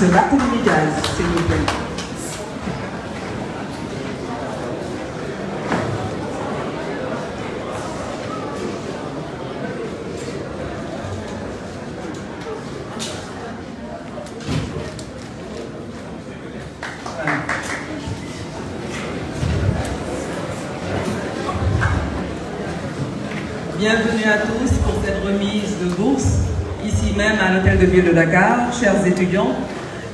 Bienvenue à tous pour cette remise de bourse, ici même à l'hôtel de ville de Dakar, chers étudiants.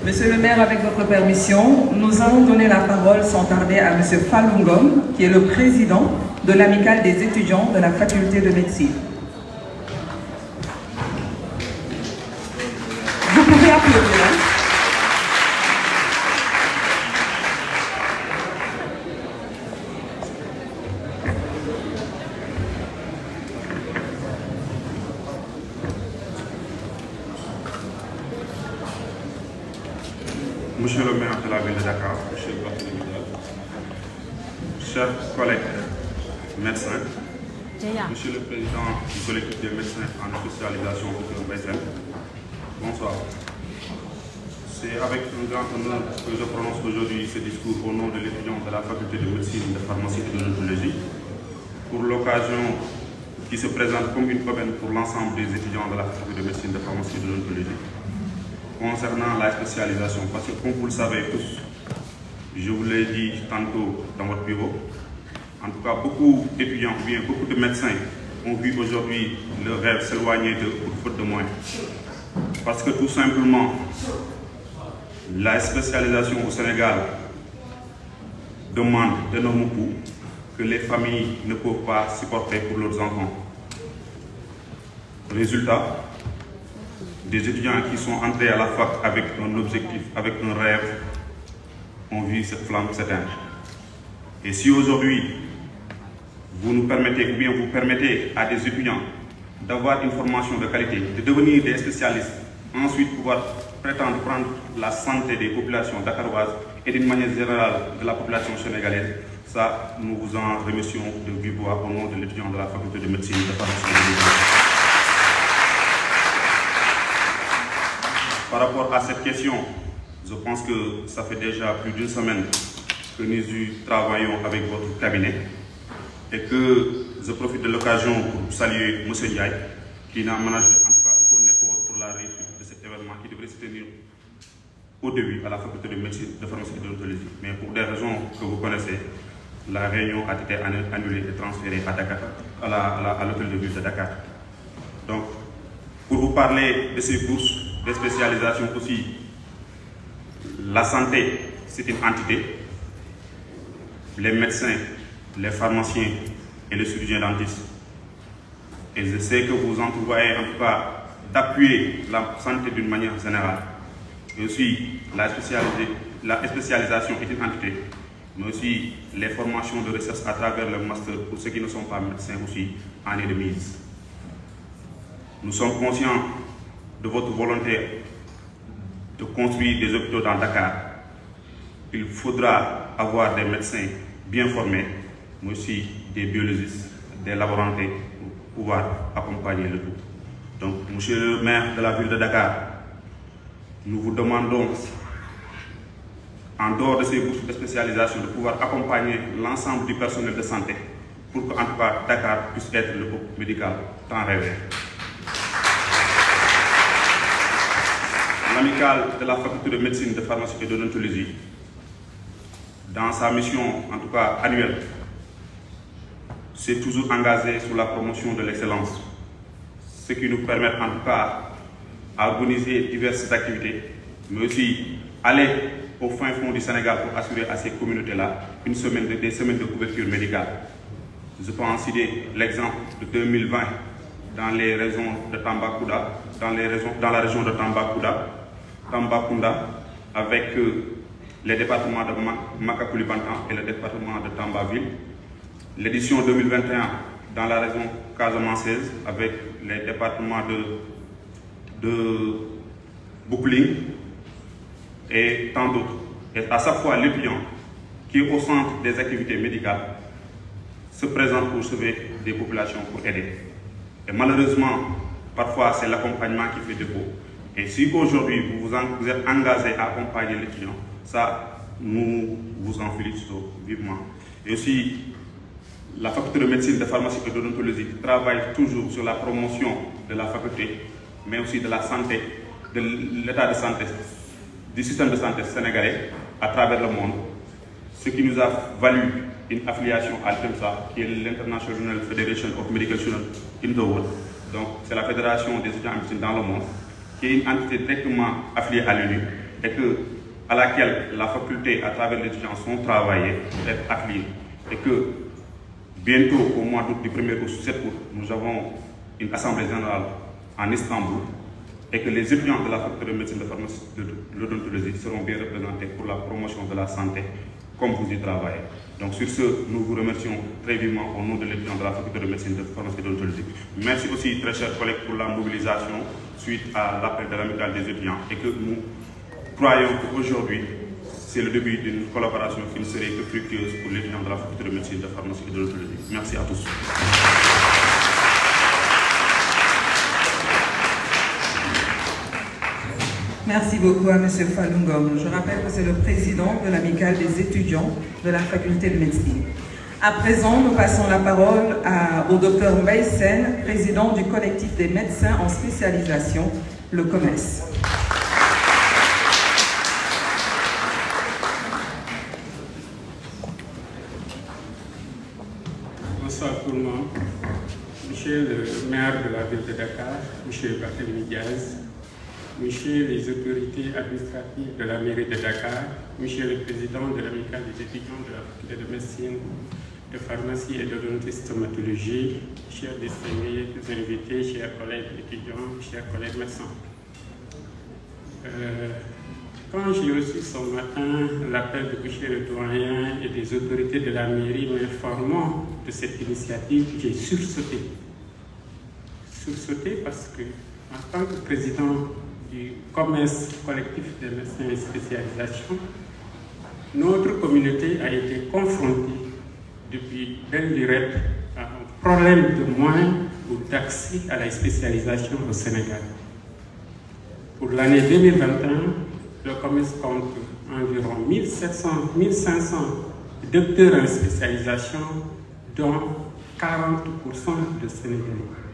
Monsieur le maire, avec votre permission, nous allons donner la parole sans tarder à Monsieur Falungom, qui est le président de l'Amicale des étudiants de la faculté de médecine. que je prononce aujourd'hui ce discours au nom de l'étudiant de la faculté de médecine, de pharmacie et de neurologie, pour l'occasion qui se présente comme une problème pour l'ensemble des étudiants de la faculté de médecine, de pharmacie et de neurologie, concernant la spécialisation. Parce que comme vous le savez tous, je vous l'ai dit tantôt dans votre bureau, en tout cas beaucoup d'étudiants bien beaucoup de médecins ont vu aujourd'hui le rêve s'éloigner de faute de moyens. Parce que tout simplement, la spécialisation au Sénégal demande de nos coûts que les familles ne peuvent pas supporter pour leurs enfants. Résultat, des étudiants qui sont entrés à la fac avec un objectif, avec un rêve, ont vu cette flamme s'éteindre. Et si aujourd'hui, vous nous permettez, ou bien vous permettez à des étudiants d'avoir une formation de qualité, de devenir des spécialistes, ensuite pouvoir prétendent prendre la santé des populations dakaroises et d'une manière générale de la population sénégalaise. Ça, nous vous en remercions de vivre au nom de l'étudiant de la faculté de médecine de Paris. Par rapport à cette question, je pense que ça fait déjà plus d'une semaine que nous travaillons avec votre cabinet et que je profite de l'occasion pour saluer M. Diaye qui n'a managé au début à la faculté de médecine, de pharmacie et d'odontologie. Mais pour des raisons que vous connaissez, la réunion a été annulée et transférée à Dakar, à l'hôtel de ville de Dakar. Donc, pour vous parler de ces bourses, des spécialisations aussi, la santé, c'est une entité. Les médecins, les pharmaciens et les chirurgiens dentistes. Et je que vous entrevoyez en tout cas d'appuyer la santé d'une manière générale. Je suis la, la spécialisation est une entité, mais aussi les formations de recherche à travers le master pour ceux qui ne sont pas médecins aussi en est Nous sommes conscients de votre volonté de construire des hôpitaux dans Dakar. Il faudra avoir des médecins bien formés, mais aussi des biologistes, des laborantins pour pouvoir accompagner le tout. Donc, Monsieur le maire de la ville de Dakar, nous vous demandons en dehors de ces bourses de spécialisation, de pouvoir accompagner l'ensemble du personnel de santé pour que, tout cas, Dakar puisse être le groupe médical tant rêvé. L'amicale de la faculté de médecine, de pharmacie et d'odontologie, dans sa mission, en tout cas annuelle, c'est toujours engagé sur la promotion de l'excellence, ce qui nous permet en tout cas organiser diverses activités, mais aussi aller au fin fond du Sénégal pour assurer à ces communautés-là une semaine des semaines de couverture médicale. Je peux en citer l'exemple de 2020 dans les raisons de Tambacounda, dans, les dans la région de Tambacounda, Tambacounda avec euh, les départements de Makakulibantan et le département de Tambaville. L'édition 2021 dans la région casamanceuse avec les départements de, de Boukling, et tant d'autres. Et à chaque fois, l'étudiant qui est au centre des activités médicales se présente pour sauver des populations, pour aider. Et malheureusement, parfois, c'est l'accompagnement qui fait défaut. Et si aujourd'hui, vous vous êtes engagé à accompagner l'étudiant, ça, nous vous en félicitons vivement. Et aussi, la faculté de médecine, de pharmacie et d'odontologie travaille toujours sur la promotion de la faculté, mais aussi de la santé, de l'état de santé du système de santé sénégalais à travers le monde, ce qui nous a valu une affiliation à l'IMSA, qui est l'International Federation of Medical Students in the World. Donc, c'est la fédération des étudiants en médecine dans le monde, qui est une entité directement affiliée à l'ONU et que, à laquelle la faculté, à travers les étudiants, sont travaillés, être affiliés Et que, bientôt, au mois d'août, du 1er août, nous avons une assemblée générale en Istanbul et que les étudiants de la faculté de médecine de pharmacie de l'odontologie seront bien représentés pour la promotion de la santé comme vous y travaillez. Donc sur ce, nous vous remercions très vivement au nom de l'étudiant de la faculté de médecine de pharmacie de l'odontologie. Merci aussi, très chers collègues, pour la mobilisation suite à l'appel de l'amicale des étudiants et que nous croyons qu'aujourd'hui, c'est le début d'une collaboration qui ne serait que fructueuse pour l'étudiant de la faculté de médecine de pharmacie et l'odontologie. Merci à tous. Merci beaucoup à M. Falungom. Je rappelle que c'est le président de l'amicale des étudiants de la faculté de médecine. À présent, nous passons la parole au Dr Meissen, président du collectif des médecins en spécialisation, le COMES. Bonsoir tout le monde. Monsieur le maire de la ville de Dakar, Monsieur Barthélémy Diaz, Monsieur les autorités administratives de la mairie de Dakar, Monsieur le président de l'amicale des étudiants de la faculté de médecine, de pharmacie et de stomatologie, chers distingués invités, chers collègues étudiants, chers collègues médecins. Euh, quand j'ai reçu ce matin l'appel de monsieur le doyen et des autorités de la mairie m'informant de cette initiative, j'ai sursauté. Sursauté parce que, en tant que président du commerce collectif des médecins et spécialisation, notre communauté a été confrontée depuis belle lurette à un problème de moins ou d'accès à la spécialisation au Sénégal. Pour l'année 2021, le commerce compte environ 1700, 1500 docteurs en spécialisation, dont 40% de Sénégalais.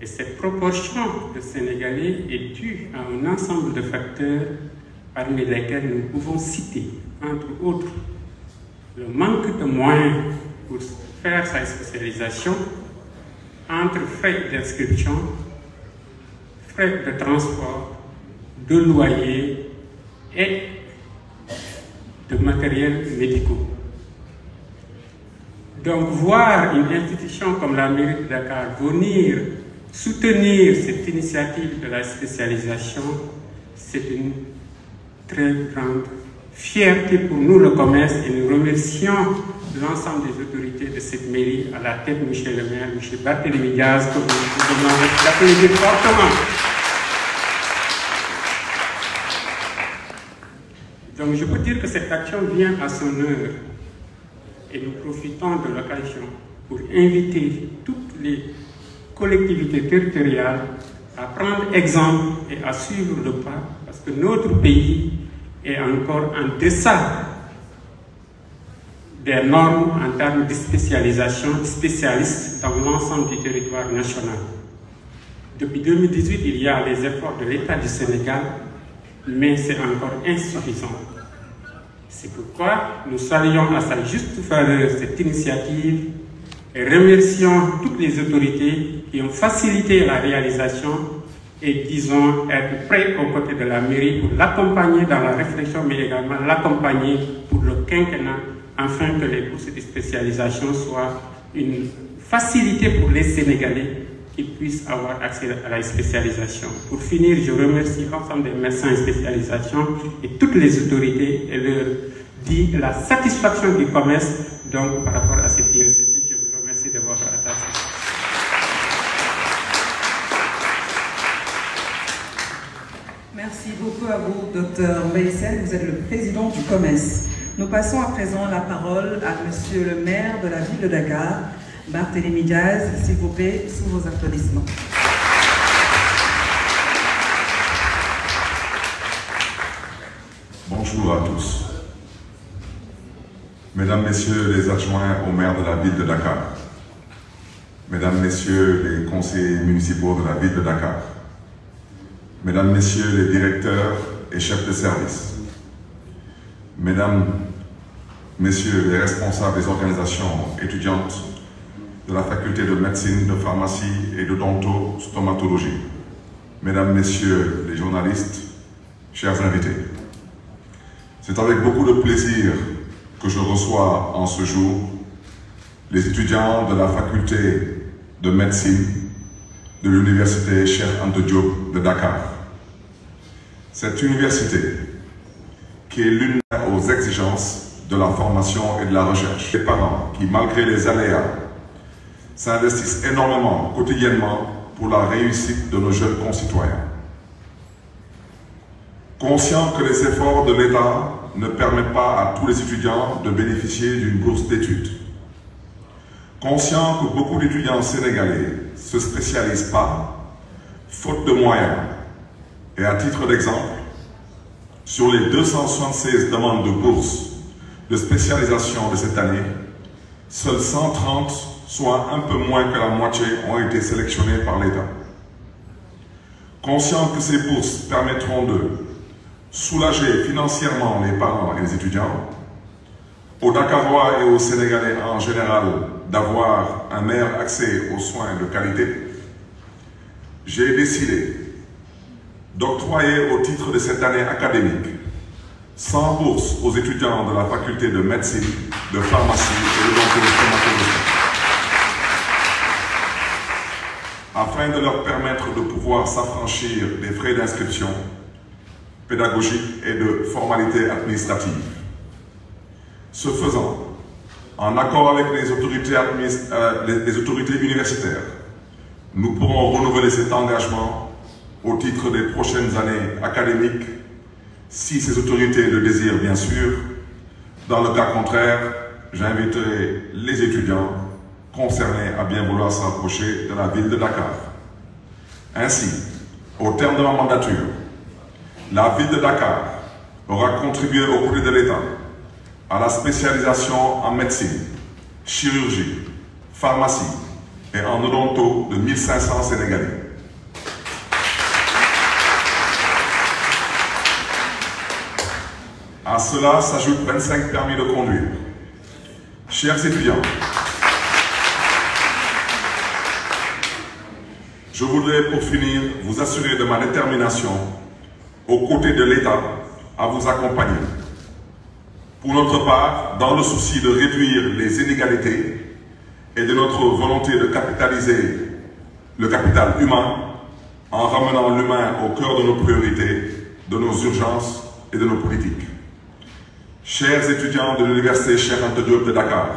Et cette proportion de Sénégalais est due à un ensemble de facteurs parmi lesquels nous pouvons citer, entre autres, le manque de moyens pour faire sa spécialisation, entre frais d'inscription, frais de transport, de loyer et de matériel médicaux. Donc voir une institution comme l'Amérique de Dakar venir Soutenir cette initiative de la spécialisation, c'est une très grande fierté pour nous, le commerce, et nous remercions l'ensemble des autorités de cette mairie, à la tête de Michel le maire, M. Barthélémy nous que vous demandez d'appeler fortement. Donc je peux dire que cette action vient à son heure et nous profitons de l'occasion pour inviter toutes les collectivités territoriales à prendre exemple et à suivre le pas parce que notre pays est encore en deçà des normes en termes de spécialisation spécialiste dans l'ensemble du territoire national. Depuis 2018, il y a les efforts de l'État du Sénégal, mais c'est encore insuffisant. C'est pourquoi nous saluons à sa juste valeur cette initiative et remercions toutes les autorités qui ont facilité la réalisation et disons être prêts aux côtés de la mairie pour l'accompagner dans la réflexion, mais également l'accompagner pour le quinquennat, afin que les bourses de spécialisation soient une facilité pour les Sénégalais qui puissent avoir accès à la spécialisation. Pour finir, je remercie l'ensemble des médecins en spécialisation et toutes les autorités et leur dit la satisfaction du commerce donc, par rapport à Docteur Mbaïsen, vous êtes le président du commerce Nous passons à présent la parole à Monsieur le maire de la ville de Dakar, Barthélémy Diaz, s'il vous plaît, sous vos applaudissements. Bonjour à tous. Mesdames, Messieurs les adjoints au maire de la ville de Dakar, Mesdames, Messieurs les conseillers municipaux de la ville de Dakar, Mesdames, Messieurs les directeurs et chefs de service, mesdames, messieurs les responsables des organisations étudiantes de la faculté de médecine, de pharmacie et de dento-stomatologie, mesdames, messieurs les journalistes, chers invités. C'est avec beaucoup de plaisir que je reçois en ce jour les étudiants de la faculté de médecine de l'université Cheikh Ante Diop de Dakar cette université, qui est l'une aux exigences de la formation et de la recherche, les parents qui, malgré les aléas, s'investissent énormément quotidiennement pour la réussite de nos jeunes concitoyens. Conscient que les efforts de l'État ne permettent pas à tous les étudiants de bénéficier d'une bourse d'études, Conscient que beaucoup d'étudiants sénégalais se spécialisent pas, faute de moyens, et à titre d'exemple, sur les 276 demandes de bourse de spécialisation de cette année, seules 130, soit un peu moins que la moitié, ont été sélectionnées par l'État. Conscient que ces bourses permettront de soulager financièrement les parents et les étudiants, aux Dakarois et aux Sénégalais en général d'avoir un meilleur accès aux soins de qualité, j'ai décidé d'octroyer au titre de cette année académique 100 bourses aux étudiants de la faculté de médecine, de pharmacie et de dentaire. afin de leur permettre de pouvoir s'affranchir des frais d'inscription pédagogique et de formalités administratives. Ce faisant, en accord avec les autorités, euh, les autorités universitaires, nous pourrons renouveler cet engagement au titre des prochaines années académiques, si ces autorités le désirent bien sûr. Dans le cas contraire, j'inviterai les étudiants concernés à bien vouloir s'approcher de la ville de Dakar. Ainsi, au terme de ma mandature, la ville de Dakar aura contribué au prix de l'État à la spécialisation en médecine, chirurgie, pharmacie et en odonto de 1500 Sénégalais. À cela s'ajoutent 25 permis de conduire. Chers étudiants, je voudrais pour finir vous assurer de ma détermination aux côtés de l'État à vous accompagner. Pour notre part, dans le souci de réduire les inégalités et de notre volonté de capitaliser le capital humain en ramenant l'humain au cœur de nos priorités, de nos urgences et de nos politiques. Chers étudiants de l'université chers Anta de Dakar,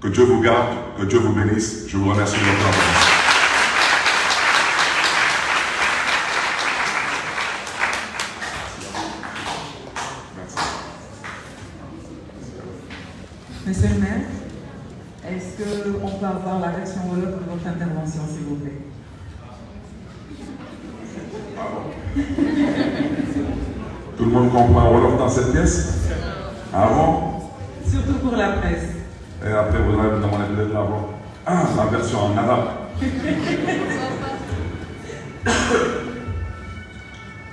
que Dieu vous garde, que Dieu vous bénisse. Je vous remercie de votre attention. Monsieur le maire, est-ce qu'on peut avoir la version Wolof de votre intervention, s'il vous plaît Tout le monde comprend Wolof dans cette pièce Ah, la version en arabe.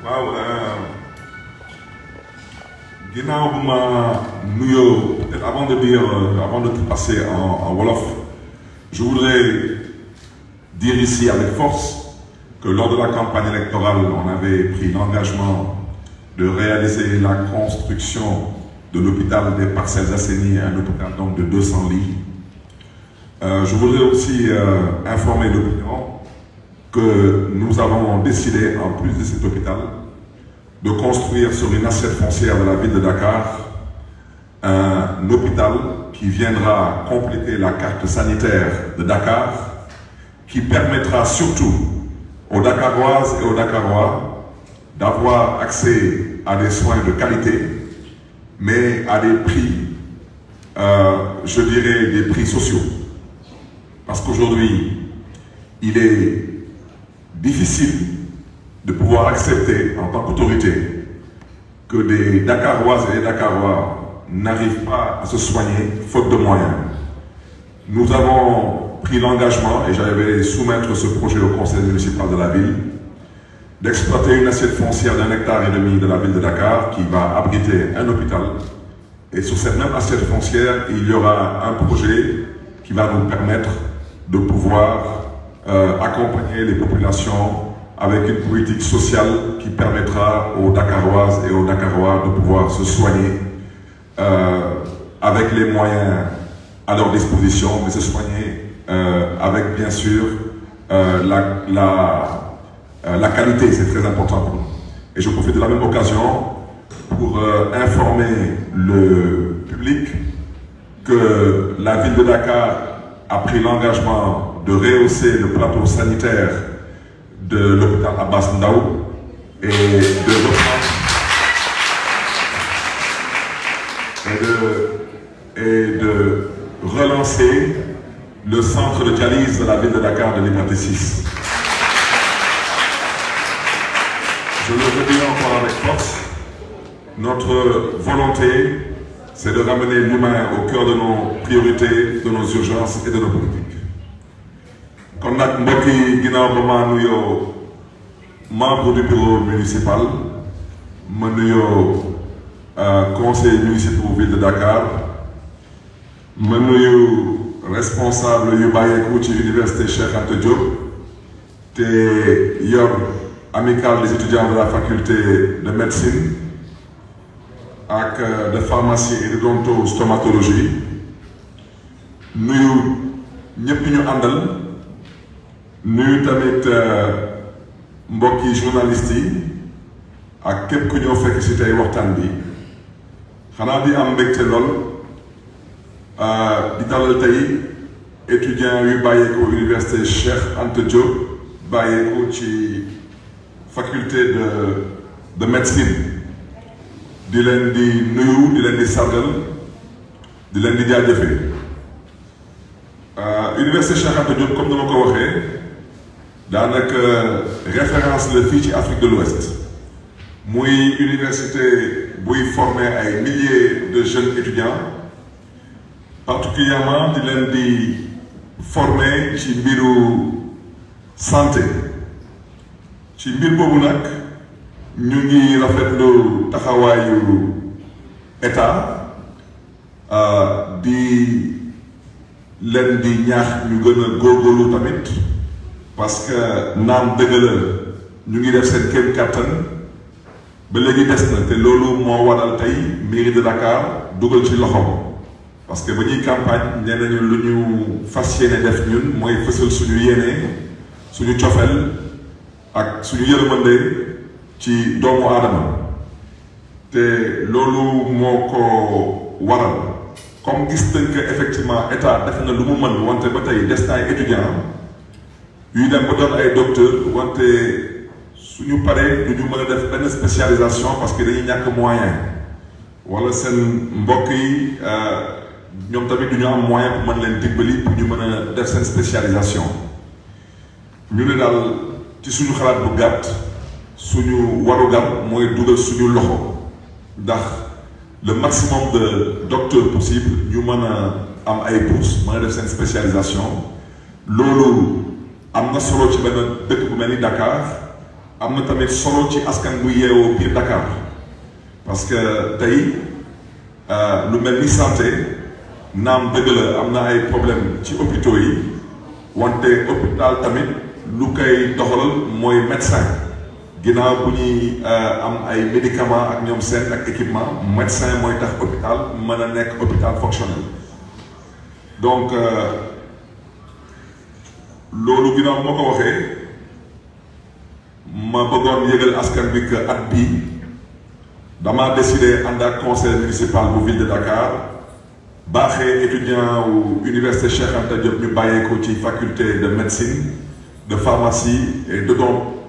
waaw avant de dire euh, avant de tout passer en, wolof je voudrais dire ici avec force que lors de la campagne électorale on avait pris l'engagement de réaliser la construction de l'hôpital des Parcelles Assainies un hôpital donc de 200 lits euh, je voudrais aussi euh, informer l'opinion que nous avons décidé, en plus de cet hôpital, de construire sur une assiette foncière de la ville de Dakar un hôpital qui viendra compléter la carte sanitaire de Dakar, qui permettra surtout aux Dakaroises et aux Dakarois d'avoir accès à des soins de qualité, mais à des prix, euh, je dirais, des prix sociaux. Parce qu'aujourd'hui, il est difficile de pouvoir accepter en tant qu'autorité que des Dakaroises et des Dakarois n'arrivent pas à se soigner faute de moyens. Nous avons pris l'engagement, et j'avais soumettre ce projet au conseil municipal de la ville, d'exploiter une assiette foncière d'un hectare et demi de la ville de Dakar qui va abriter un hôpital. Et sur cette même assiette foncière, il y aura un projet qui va nous permettre de pouvoir euh, accompagner les populations avec une politique sociale qui permettra aux Dakaroises et aux Dakarois de pouvoir se soigner euh, avec les moyens à leur disposition, mais se soigner euh, avec bien sûr la, la, la, qualité, c'est très important pour nous. Et je profite de la même occasion pour informer le public que la ville de Dakar a pris l'engagement de rehausser le plateau sanitaire de l'hôpital Abbas Ndaou et de et de, relancer le centre de dialyse de la ville de Dakar de l'Hépaté 6. Je le redis encore avec force, notre volonté c'est de ramener l'humain au cœur de nos priorités, de nos urgences et de nos politiques. Quand nous mbokk membre du bureau municipal nous euh, sommes conseil municipal ville de Dakar ma responsable de l'université université Cheikh Anta Diop te des étudiants de la faculté de médecine ak euh, de pharmacie et de odonto stomatologie nuyu ñëpp ñu àndal nuyu tamit euh, mbokki journaliste yi ak képp ku ñëw fekk ci tey waxtaan bi xanaa di am te lool euh, di dalal tey étudiant yu bàyyeekoo université Cheikh Anta Diop bàyyeekoo ci faculté de de médecine. de lundi di nuyu de leen di sargal di leen di euh, Université Cheikh comme dama ko waxee référence de fii Afrique de l'Ouest muy université formée à des milliers de jeunes étudiants particulièrement de lundi di former ci santé ci mbir ñu ngi rafetlu taxawaayu état euh, di leen di ñaax ñu gën a góorgóorlu tamit parce que naam dëgg la ñu ngi def seen kéem kàttan ba léegi des na te loolu moo waral tey mairie de Dakar dugal ci loxoom parce que ba ñuy campagne nee nañu lu ñu fas yéene def ñun mooy fësal suñu yéene suñu cofeel ak suñu yërmande ci doomu aadama te loolu moo ko waral comme gis nañ que effectivement état def na lu mu mën wante ba tey des na ay étudiants yuy dem ba doon ay docteur wante suñu paree duñu ñu mën a def benn spécialisation parce que dañuy ñàkk moyen wala seen mbokk yi euh, ñoom tamit duñu am moyen pour mën leen dimbali pour ñu mën a def seen spécialisation ñu ne daal ci suñu xalaat bu gàtt suñu warugar mooy dugal suñu loxo ndax le maximum de docteurs possible ñu mën a am ay bourses mën a def seen spécialisation loolu am na solo ci benn dëkk bu mel ni Dakar am na tamit solo ci askan bu yeewoo biir Dakar parce que tey euh, lu mel ni santé naam dëgg la am na ay problème ci hôpitaux yi wante hôpital tamit lu koy doxal mooy médecin ginnaaw bu ñuy euh, am ay médicaments ak ñoom seen ak équipement médecin mooy tax hôpital mën a nekk hôpital fonctionnel donc euh, loolu ginnaaw bu ma ko waxee ma bëggoon yëgal askan bi que at bi dama décidé ànd ak conseil municipal bu ville de Dakar baaxee étudiant wu université Cheikh Anta Diop ñu ko ci faculté de médecine de pharmacie et de d'odonto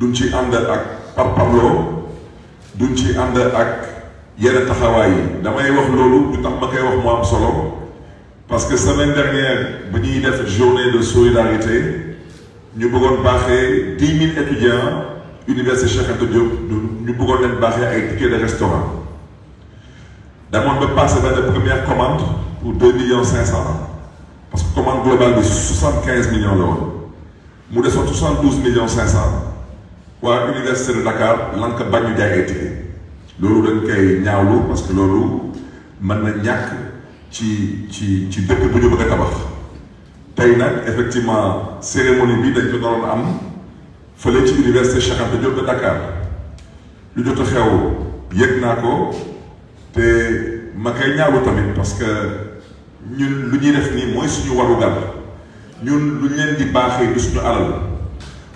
Nous on a fait un travail Pablo, on a fait un avec Yerata Hawaii. Je ne sais pas si vous avez vu Parce que la semaine dernière, nous avons une journée de solidarité. Nous avons fait 10 000 étudiants, universitaires l'université tout Nous avons fait le travail des restaurants. Nous avons fait un la première commande pour 2 500 Parce que la commande globale est de 75 millions d'euros Nous avons fait 72 500 wa université Dakar lan ko bañ jaay ay ticket dañ kay ñaawlu parce que lolu man na ñak ci ci ci dëkk bu ñu bëgg tabax tay nak effectivement cérémonie bi dañ ko doon am fele ci université Cheikh de Diop Dakar lu jottu xew yek na ko te ma kay ñaawlu tamit parce que ñun lu ñuy def ni moy suñu waru gal ñun lu ñen di baxé du suñu alal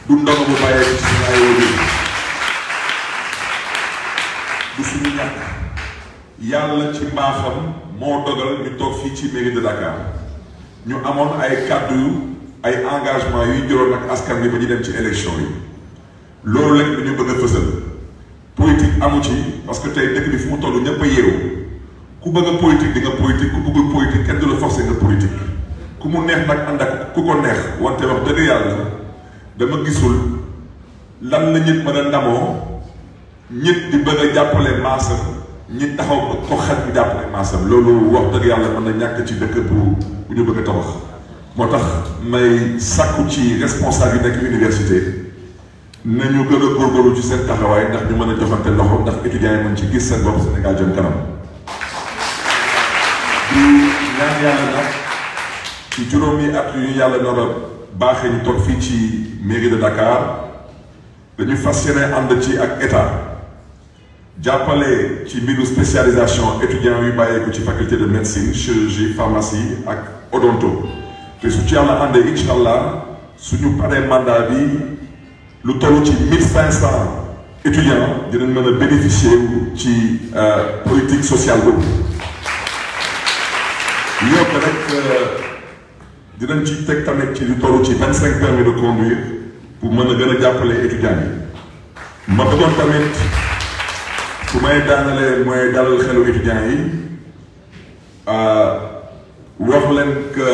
du ndono bu bàyyee ci suñu ay wajur du yàlla ci mbaaxam moo dogal ñu toog fii ci mairie de Dakar ñu amoon ay kàddu yu ay engagement yuy juróom ak askan bi ba ñu dem ci élection yi loolu lañ ñu bëgg a fësal politique amu ci parce que tey dëkk bi fu mu toll ñëpp a yeewu ku bëgg a politique di nga politique ku bëggul politique kenn du la nga politique ku mu neex nag ànd ak ku ko neex wante wax dëgg yàlla dama gisul lan la ñit mën a namoo ñit di bëgg a jàppale maasam ñi taxaw ko xet jàppale maasam loolu wax dëgg yàlla mën na ñàkk ci dëkk bu bu ñu bëgg a moo tax may sàkku ci responsable yi nekk université nañu gën a góorgóorlu ci seen taxawaay ndax ñu mën a joxante loxo ndax étudiants yi mën ci gis seen bopp Sénégal jëm kanam ñaan yàlla nag ci juróomi at yu ñu yàlla nar baaxee ñu toog fii ci mairie de Dakar dañu fas yéene ànd ci ak état jàppale ci mbiru spécialisation étudiants yu bàyyeeku ci faculté de médecine chirurgie pharmacie ak odonto te su ci yàlla àndee incha allah suñu paree mandat bi lu toll ci mille étudiants dinañ mën a bénéficier wu ci euh, politique sociale boobu yokk rek. Euh, dinañ ci teg tamit ci lu toll ci vingt cinq permis de conduire pour mën a gën a jàppale étudiants yi ma bëggoon tamit su may daanalee mooy dalal xelu étudiants yi euh, wax leen que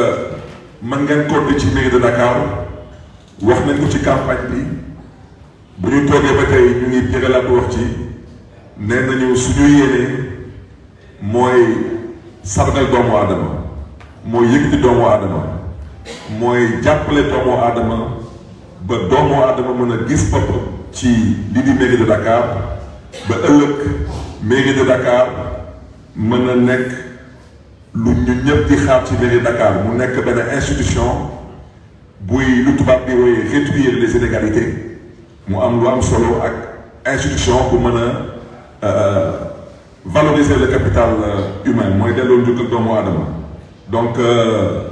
mën ngeen compter ci mairie de Dakar wax nañ ko ci campagne bi bu ñu toogee ba tey ñu ngi jëgalaat wax ci nee nañu suñu yéene mooy sargal doomu aadama mooy yëkkati doomu aadama mooy jàppale doomu aadama ba doomu aadama mën a gis bopp ci li di mairie de Dakar ba ëllëg mairie de Dakar mën a nekk lu ñu ñëpp di xaar ci mairie de Dakar mu nekk benn institution buy lu tubaab bi wooyee réduire les inégalités mu am lu am solo ak institution bu mën a euh, valoriser le capital euh, humain mooy delloo njukkal doomu aadama donc. Euh,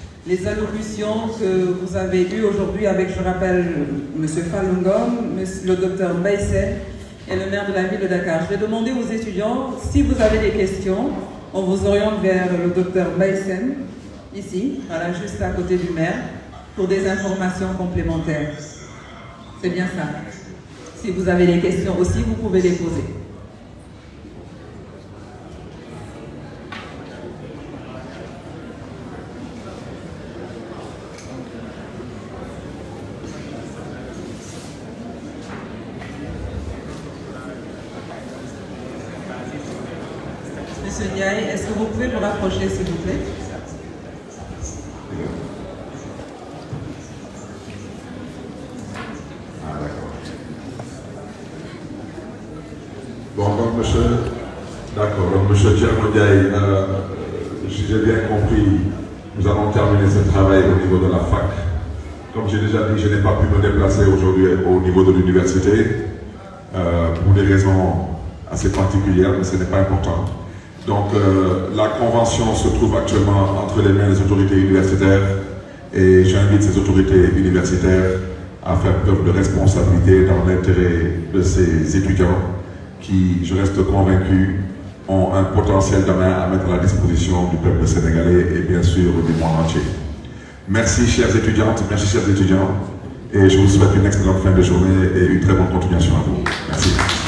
les allocutions que vous avez eues aujourd'hui avec, je rappelle, M. Falun le docteur Baïsen et le maire de la ville de Dakar. Je vais demander aux étudiants, si vous avez des questions, on vous oriente vers le docteur Baïsen, ici, voilà, juste à côté du maire, pour des informations complémentaires. C'est bien ça. Si vous avez des questions aussi, vous pouvez les poser. s'il vous plaît. Ah, bon, donc, monsieur, d'accord, donc, monsieur Tchermodiaï, euh, j'ai bien compris, nous allons terminer ce travail au niveau de la fac. Comme j'ai déjà dit, je n'ai pas pu me déplacer aujourd'hui au niveau de l'université euh, pour des raisons assez particulières, mais ce n'est pas important. Donc euh, la convention se trouve actuellement entre les mains des autorités universitaires et j'invite ces autorités universitaires à faire preuve de responsabilité dans l'intérêt de ces étudiants qui, je reste convaincu, ont un potentiel demain à mettre à la disposition du peuple sénégalais et bien sûr du monde entier. Merci chères étudiantes, merci chers étudiants et je vous souhaite une excellente fin de journée et une très bonne continuation à vous. Merci.